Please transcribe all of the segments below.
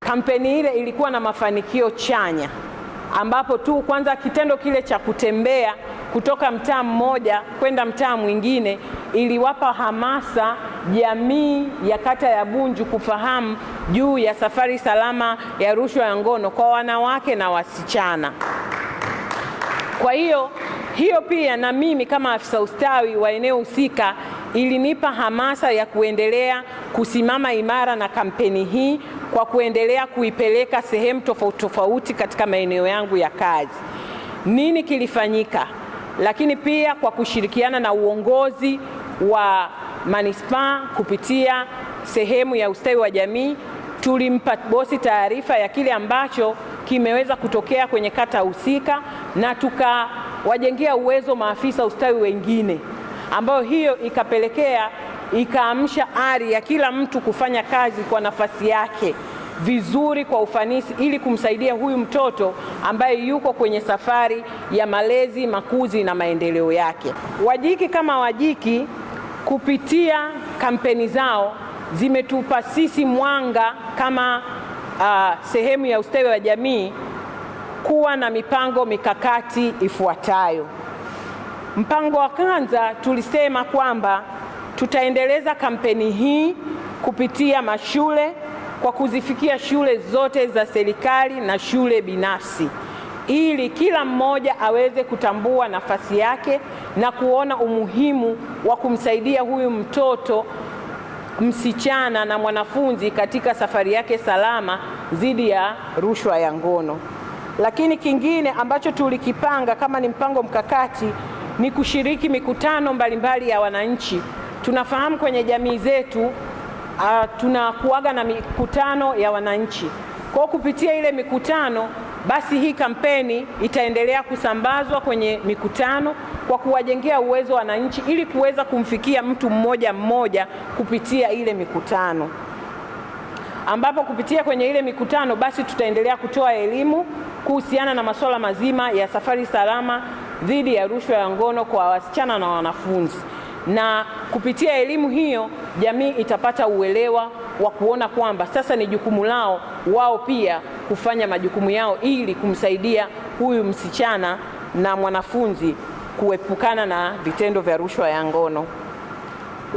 Kampeni ile ilikuwa na mafanikio chanya, ambapo tu kwanza kitendo kile cha kutembea kutoka mtaa mmoja kwenda mtaa mwingine iliwapa hamasa jamii ya kata ya Bunju kufahamu juu ya safari salama ya rushwa ya ngono kwa wanawake na wasichana. Kwa hiyo hiyo pia na mimi kama afisa ustawi wa eneo husika ilinipa hamasa ya kuendelea kusimama imara na kampeni hii kwa kuendelea kuipeleka sehemu tofauti tofauti katika maeneo yangu ya kazi. Nini kilifanyika? Lakini pia kwa kushirikiana na uongozi wa manispaa kupitia sehemu ya ustawi wa jamii tulimpa bosi taarifa ya kile ambacho kimeweza kutokea kwenye kata husika na tukawajengea uwezo maafisa ustawi wengine ambayo hiyo ikapelekea ikaamsha ari ya kila mtu kufanya kazi kwa nafasi yake vizuri kwa ufanisi ili kumsaidia huyu mtoto ambaye yuko kwenye safari ya malezi, makuzi na maendeleo yake. Wajiki kama Wajiki kupitia kampeni zao zimetupa sisi mwanga kama uh, sehemu ya ustawi wa jamii kuwa na mipango mikakati ifuatayo. Mpango wa kwanza tulisema kwamba tutaendeleza kampeni hii kupitia mashule kwa kuzifikia shule zote za serikali na shule binafsi ili kila mmoja aweze kutambua nafasi yake na kuona umuhimu wa kumsaidia huyu mtoto msichana na mwanafunzi katika safari yake salama dhidi ya rushwa ya ngono. Lakini kingine ambacho tulikipanga kama ni mpango mkakati ni kushiriki mikutano mbalimbali mbali ya wananchi. Tunafahamu kwenye jamii zetu uh, ah, tunakuaga na mikutano ya wananchi. Kwa kupitia ile mikutano basi hii kampeni itaendelea kusambazwa kwenye mikutano kwa kuwajengea uwezo wananchi ili kuweza kumfikia mtu mmoja mmoja kupitia ile mikutano, ambapo kupitia kwenye ile mikutano basi tutaendelea kutoa elimu kuhusiana na masuala mazima ya safari salama dhidi ya rushwa ya ngono kwa wasichana na wanafunzi, na kupitia elimu hiyo jamii itapata uelewa wa kuona kwamba sasa ni jukumu lao wao pia kufanya majukumu yao ili kumsaidia huyu msichana na mwanafunzi kuepukana na vitendo vya rushwa ya ngono.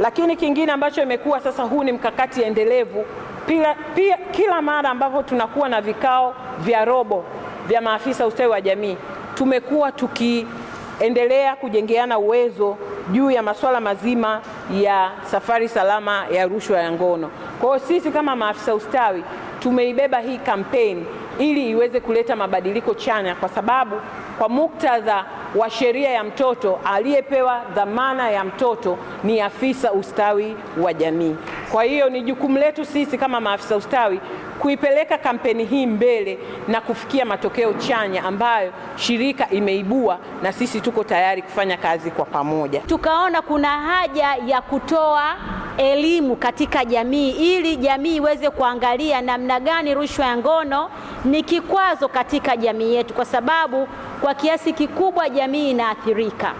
Lakini kingine ambacho imekuwa sasa, huu ni mkakati endelevu pia, pia, kila mara ambapo tunakuwa na vikao vya robo vya maafisa ustawi wa jamii tumekuwa tukiendelea kujengeana uwezo juu ya masuala mazima ya safari salama ya rushwa ya ngono. Kwa hiyo sisi kama maafisa ustawi tumeibeba hii kampeni ili iweze kuleta mabadiliko chanya, kwa sababu kwa muktadha wa sheria ya mtoto, aliyepewa dhamana ya mtoto ni afisa ustawi wa jamii. Kwa hiyo ni jukumu letu sisi kama maafisa ustawi kuipeleka kampeni hii mbele na kufikia matokeo chanya ambayo shirika imeibua, na sisi tuko tayari kufanya kazi kwa pamoja. Tukaona kuna haja ya kutoa elimu katika jamii ili jamii iweze kuangalia namna gani rushwa ya ngono ni kikwazo katika jamii yetu, kwa sababu kwa kiasi kikubwa jamii inaathirika,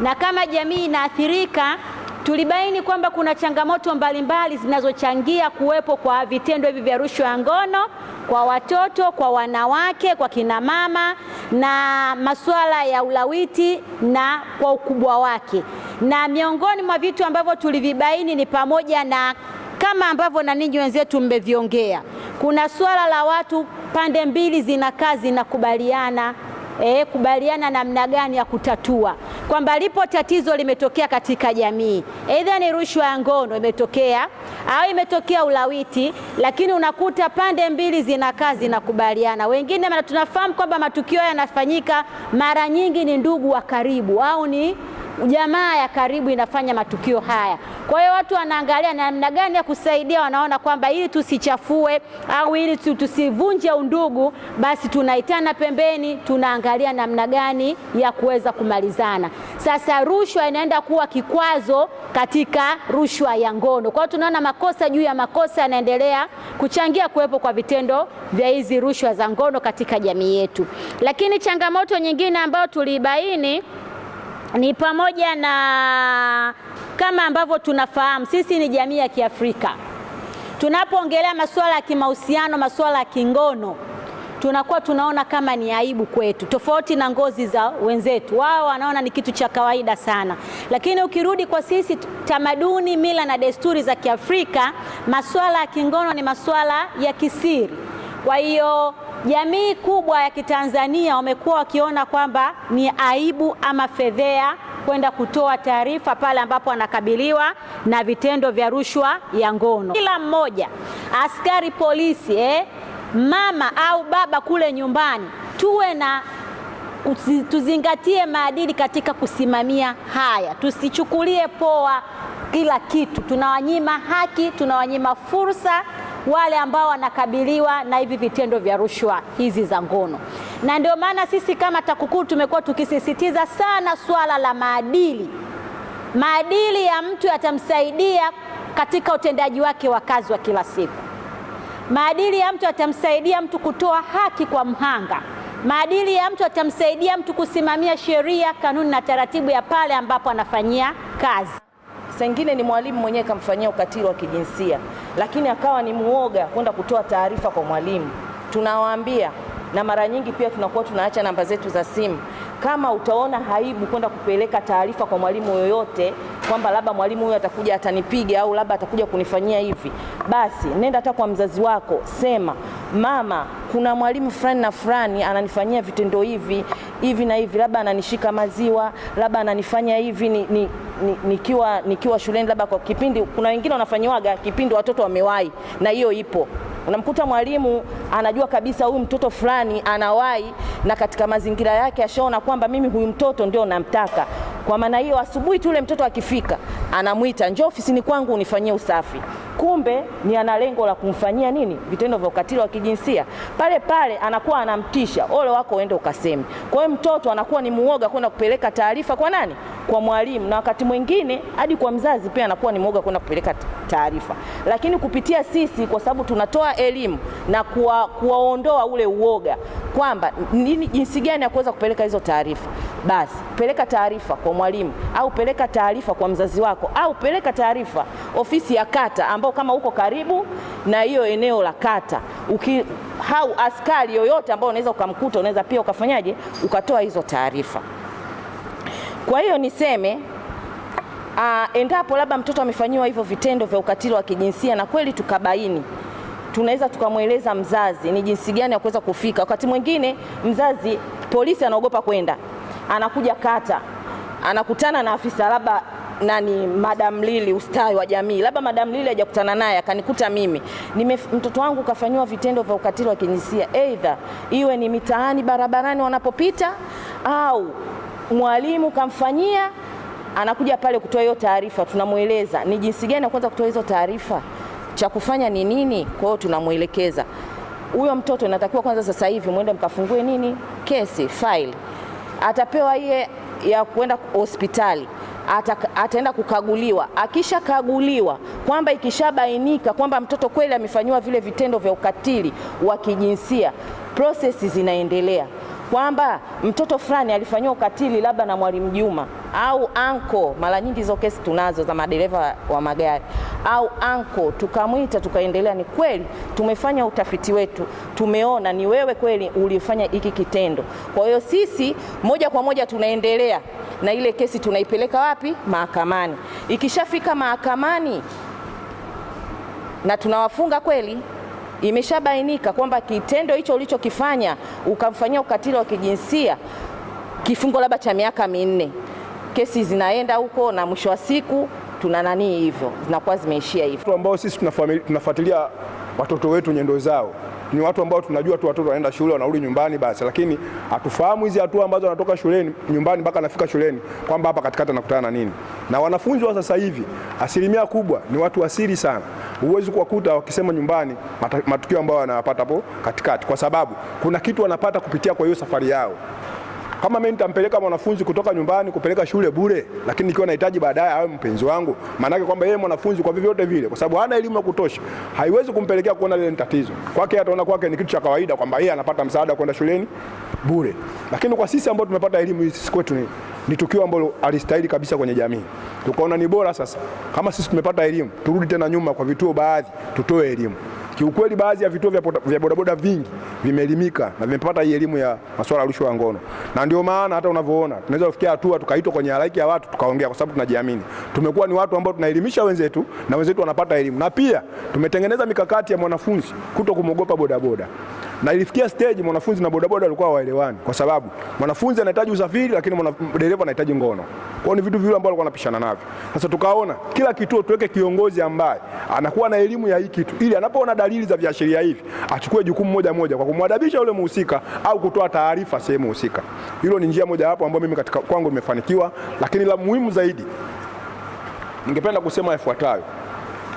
na kama jamii inaathirika Tulibaini kwamba kuna changamoto mbalimbali zinazochangia kuwepo kwa vitendo hivi vya rushwa ya ngono kwa watoto, kwa wanawake, kwa kinamama na masuala ya ulawiti na kwa ukubwa wake. Na miongoni mwa vitu ambavyo tulivibaini ni pamoja na kama ambavyo na ninyi wenzetu mmeviongea, kuna suala la watu pande mbili zinakaa zinakubaliana e, kubaliana namna gani ya kutatua kwamba lipo tatizo limetokea katika jamii, aidha ni rushwa ya ngono imetokea au imetokea ulawiti, lakini unakuta pande mbili zinakaa zinakubaliana. Wengine tunafahamu kwamba matukio yanafanyika mara nyingi ni ndugu wa karibu au ni jamaa ya karibu inafanya matukio haya. Kwa hiyo watu wanaangalia namna gani ya kusaidia, wanaona kwamba ili tusichafue au ili tusivunje undugu, basi tunaitana pembeni, tunaangalia namna gani ya kuweza kumalizana. Sasa rushwa inaenda kuwa kikwazo katika rushwa ya ngono. Kwa hiyo tunaona makosa juu ya makosa yanaendelea kuchangia kuwepo kwa vitendo vya hizi rushwa za ngono katika jamii yetu. Lakini changamoto nyingine ambayo tuliibaini ni pamoja na kama ambavyo tunafahamu sisi ni jamii ya Kiafrika, tunapoongelea masuala ya kimahusiano, masuala ya kingono tunakuwa tunaona kama ni aibu kwetu, tofauti na ngozi za wenzetu. Wao wanaona ni kitu cha kawaida sana, lakini ukirudi kwa sisi, tamaduni, mila na desturi za Kiafrika, masuala ya kingono ni masuala ya kisiri. Kwa hiyo jamii kubwa ya Kitanzania wamekuwa wakiona kwamba ni aibu ama fedhea kwenda kutoa taarifa pale ambapo anakabiliwa na vitendo vya rushwa ya ngono. Kila mmoja askari polisi, eh, mama au baba kule nyumbani, tuwe na tuzingatie maadili katika kusimamia haya, tusichukulie poa kila kitu. Tunawanyima haki, tunawanyima fursa wale ambao wanakabiliwa na hivi vitendo vya rushwa hizi za ngono, na ndio maana sisi kama TAKUKURU tumekuwa tukisisitiza sana swala la maadili. Maadili ya mtu yatamsaidia katika utendaji wake wa kazi wa kila siku. Maadili ya mtu yatamsaidia mtu kutoa haki kwa mhanga. Maadili ya mtu yatamsaidia mtu kusimamia sheria, kanuni na taratibu ya pale ambapo anafanyia kazi. Sengine ni mwalimu mwenyewe kamfanyia ukatili wa kijinsia, lakini akawa ni muoga kwenda kutoa taarifa kwa mwalimu. Tunawaambia na mara nyingi pia tunakuwa tunaacha namba zetu za simu. Kama utaona haibu kwenda kupeleka taarifa kwa mwalimu yoyote kwamba labda mwalimu huyo atakuja atanipiga au labda atakuja kunifanyia hivi, basi nenda hata kwa mzazi wako, sema mama, kuna mwalimu fulani na fulani ananifanyia vitendo hivi hivi na hivi, labda ananishika maziwa, labda ananifanya hivi ni, ni nikiwa, ni nikiwa shuleni labda kwa kipindi, kuna wengine wanafanyiwaga kipindi watoto wamewahi, na hiyo ipo unamkuta mwalimu anajua kabisa huyu mtoto fulani anawahi, na katika mazingira yake ashaona kwamba mimi huyu mtoto ndio namtaka. Kwa maana hiyo, asubuhi tu ule mtoto akifika, anamwita njoo ofisini kwangu unifanyie usafi, kumbe ni ana lengo la kumfanyia nini, vitendo vya ukatili wa kijinsia. Pale pale anakuwa anamtisha, ole wako uende ukaseme. Kwa hiyo mtoto anakuwa ni muoga kwenda kupeleka taarifa kwa nani kwa mwalimu na wakati mwingine hadi kwa mzazi pia anakuwa ni mwoga kwenda kupeleka taarifa, lakini kupitia sisi, kwa sababu tunatoa elimu na kuwa, kuwaondoa ule uoga kwamba nini, jinsi gani ya kuweza kupeleka hizo taarifa, basi peleka taarifa kwa mwalimu au peleka taarifa kwa mzazi wako au peleka taarifa ofisi ya kata, ambao kama uko karibu na hiyo eneo la kata uki, hau askari yoyote ambao unaweza ukamkuta, unaweza pia ukafanyaje ukatoa hizo taarifa. Kwa hiyo niseme uh, endapo labda mtoto amefanyiwa hivyo vitendo vya ukatili wa kijinsia na kweli tukabaini tunaweza tukamweleza mzazi ni jinsi gani ya kuweza kufika. Wakati mwingine mzazi, polisi anaogopa kwenda, anakuja kata, anakutana na afisa labda nani, Madam Lili, ustawi wa jamii, labda Madam Lili hajakutana naye, akanikuta mimi nime, mtoto wangu kafanyiwa vitendo vya ukatili wa kijinsia, aidha iwe ni mitaani, barabarani wanapopita au mwalimu kamfanyia, anakuja pale kutoa hiyo taarifa, tunamweleza ni jinsi gani ya kwanza kutoa hizo taarifa, cha kufanya ni nini. Kwa hiyo tunamwelekeza huyo mtoto, inatakiwa kwanza sasa hivi mwende mkafungue nini kesi file, atapewa iye ya kwenda hospitali ata, ataenda kukaguliwa. Akishakaguliwa kwamba ikishabainika kwamba mtoto kweli amefanyiwa vile vitendo vya ukatili wa kijinsia, prosesi zinaendelea kwamba mtoto fulani alifanyiwa ukatili labda na mwalimu Juma au anko. Mara nyingi hizo kesi tunazo za madereva wa magari au anko, tukamwita tukaendelea. Ni kweli tumefanya utafiti wetu, tumeona ni wewe kweli ulifanya hiki kitendo. Kwa hiyo sisi moja kwa moja tunaendelea na ile kesi, tunaipeleka wapi? Mahakamani. Ikishafika mahakamani na tunawafunga kweli imeshabainika kwamba kitendo hicho ulichokifanya ukamfanyia ukatili wa kijinsia kifungo labda cha miaka minne, kesi zinaenda huko na mwisho wa siku tuna nani hivyo zinakuwa zimeishia hivyo. Watu ambao sisi tunafuatilia watoto wetu nyendo zao ni watu ambao tunajua tu watoto wanaenda shule wanarudi nyumbani basi, lakini hatufahamu hizi hatua ambazo wanatoka shuleni nyumbani mpaka anafika shuleni, kwamba hapa katikati anakutana na nini. Na wanafunzi wa sasa hivi asilimia kubwa ni watu asiri sana huwezi kuwakuta wakisema nyumbani matukio ambayo wanayapata hapo katikati, kwa sababu kuna kitu wanapata kupitia kwa hiyo safari yao. Kama mimi nitampeleka mwanafunzi kutoka nyumbani kupeleka shule bure, lakini nikiwa nahitaji baadaye awe mpenzi wangu, maanake kwamba yeye mwanafunzi kwa vyovyote vile, kwa sababu hana elimu ya kutosha, haiwezi kumpelekea kuona lile ni tatizo kwake. Ataona kwake ni kitu cha kawaida kwamba yeye anapata msaada kwenda shuleni bure, lakini kwa sisi ambao tumepata elimu hii, sisi kwetu ni ni tukio ambalo alistahili kabisa kwenye jamii. Tukaona ni bora sasa, kama sisi tumepata elimu, turudi tena nyuma kwa vituo baadhi, tutoe elimu. Kiukweli baadhi ya vituo vya, bodaboda vingi vimeelimika na vimepata hii elimu ya masuala ya rushwa ya ngono, na ndio maana hata unavyoona tunaweza kufikia hatua tukaitwa kwenye halaiki ya watu tukaongea, kwa sababu tunajiamini. Tumekuwa ni watu ambao tunaelimisha wenzetu na wenzetu wanapata elimu, na pia tumetengeneza mikakati ya mwanafunzi kuto kumwogopa bodaboda na ilifikia stage mwanafunzi na bodaboda walikuwa hawaelewani, kwa sababu mwanafunzi anahitaji usafiri, lakini dereva anahitaji ngono. Kwa ni vitu vile ambavyo walikuwa wanapishana navyo. Sasa tukaona kila kituo tuweke kiongozi ambaye anakuwa na elimu ya hii kitu, ili anapoona dalili za viashiria hivi achukue jukumu moja moja kwa kumwadabisha yule mhusika au kutoa taarifa sehemu husika. Hilo ni njia moja hapo ambayo mimi katika kwangu imefanikiwa, lakini la muhimu zaidi ningependa kusema ifuatayo.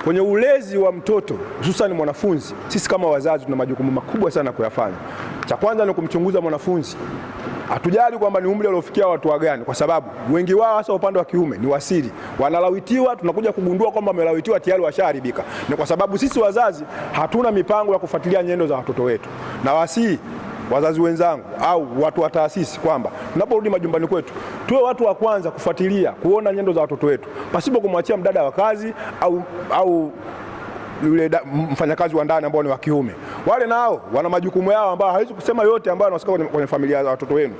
Kwenye ulezi wa mtoto hususan mwanafunzi, sisi kama wazazi tuna majukumu makubwa sana kuyafanya. Cha kwanza ni kumchunguza mwanafunzi, hatujali kwamba ni umri aliofikia watu wa gani, kwa sababu wengi wao hasa upande wa kiume ni wasiri, wanalawitiwa. Tunakuja kugundua kwamba wamelawitiwa tayari, washaharibika. Ni kwa sababu sisi wazazi hatuna mipango ya kufuatilia nyendo za watoto wetu, na wasii wazazi wenzangu au watu wa taasisi kwamba tunaporudi majumbani kwetu tuwe watu wa kwanza kufuatilia kuona nyendo za watoto wetu pasipo kumwachia mdada wa kazi au, au yule mfanyakazi wa ndani ambao ni wa kiume. Wale nao wana majukumu yao ambao hawezi kusema yote ambayo yanawasika kwenye familia za watoto wenu,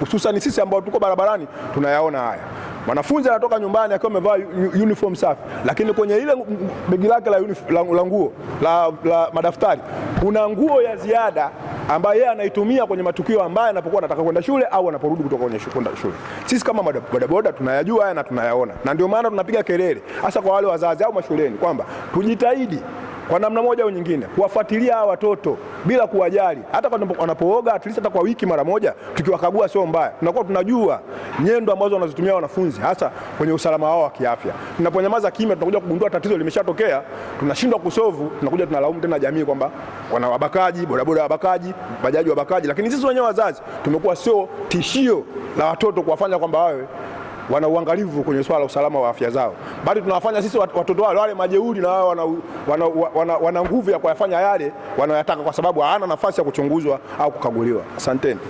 hususani sisi ambao tuko barabarani tunayaona haya. Mwanafunzi anatoka nyumbani akiwa amevaa uniform safi, lakini kwenye ile begi lake la nguo la, la madaftari kuna nguo ya ziada ambayo yeye anaitumia kwenye matukio ambayo anapokuwa anataka kwenda shule au anaporudi kutoka kwenye kwenda shule. Sisi kama bodaboda tunayajua haya na tunayaona, na ndio maana tunapiga kelele hasa kwa wale wazazi au mashuleni kwamba tujitahidi kwa namna moja au nyingine, kuwafuatilia hawa watoto bila kuwajali, hata wanapooga at least hata kwa wiki mara moja, tukiwakagua sio mbaya. Tunakuwa tunajua nyendo ambazo wanazitumia wanafunzi, hasa kwenye usalama wao wa kiafya. Tunaponyamaza kimya, tunakuja kugundua tatizo limeshatokea, tunashindwa kusovu, tunakuja tunalaumu tena jamii kwamba wana wabakaji, bodaboda wabakaji, bajaji wabakaji, lakini sisi wenyewe wazazi tumekuwa sio tishio la watoto kuwafanya kwamba wawe wana uangalifu kwenye swala la usalama wa afya zao, bali tunawafanya sisi watoto wale wale majeuri, na wao wana, wana, wana, wana nguvu ya kuyafanya yale wanayotaka, kwa sababu hawana nafasi ya kuchunguzwa au kukaguliwa. Asanteni.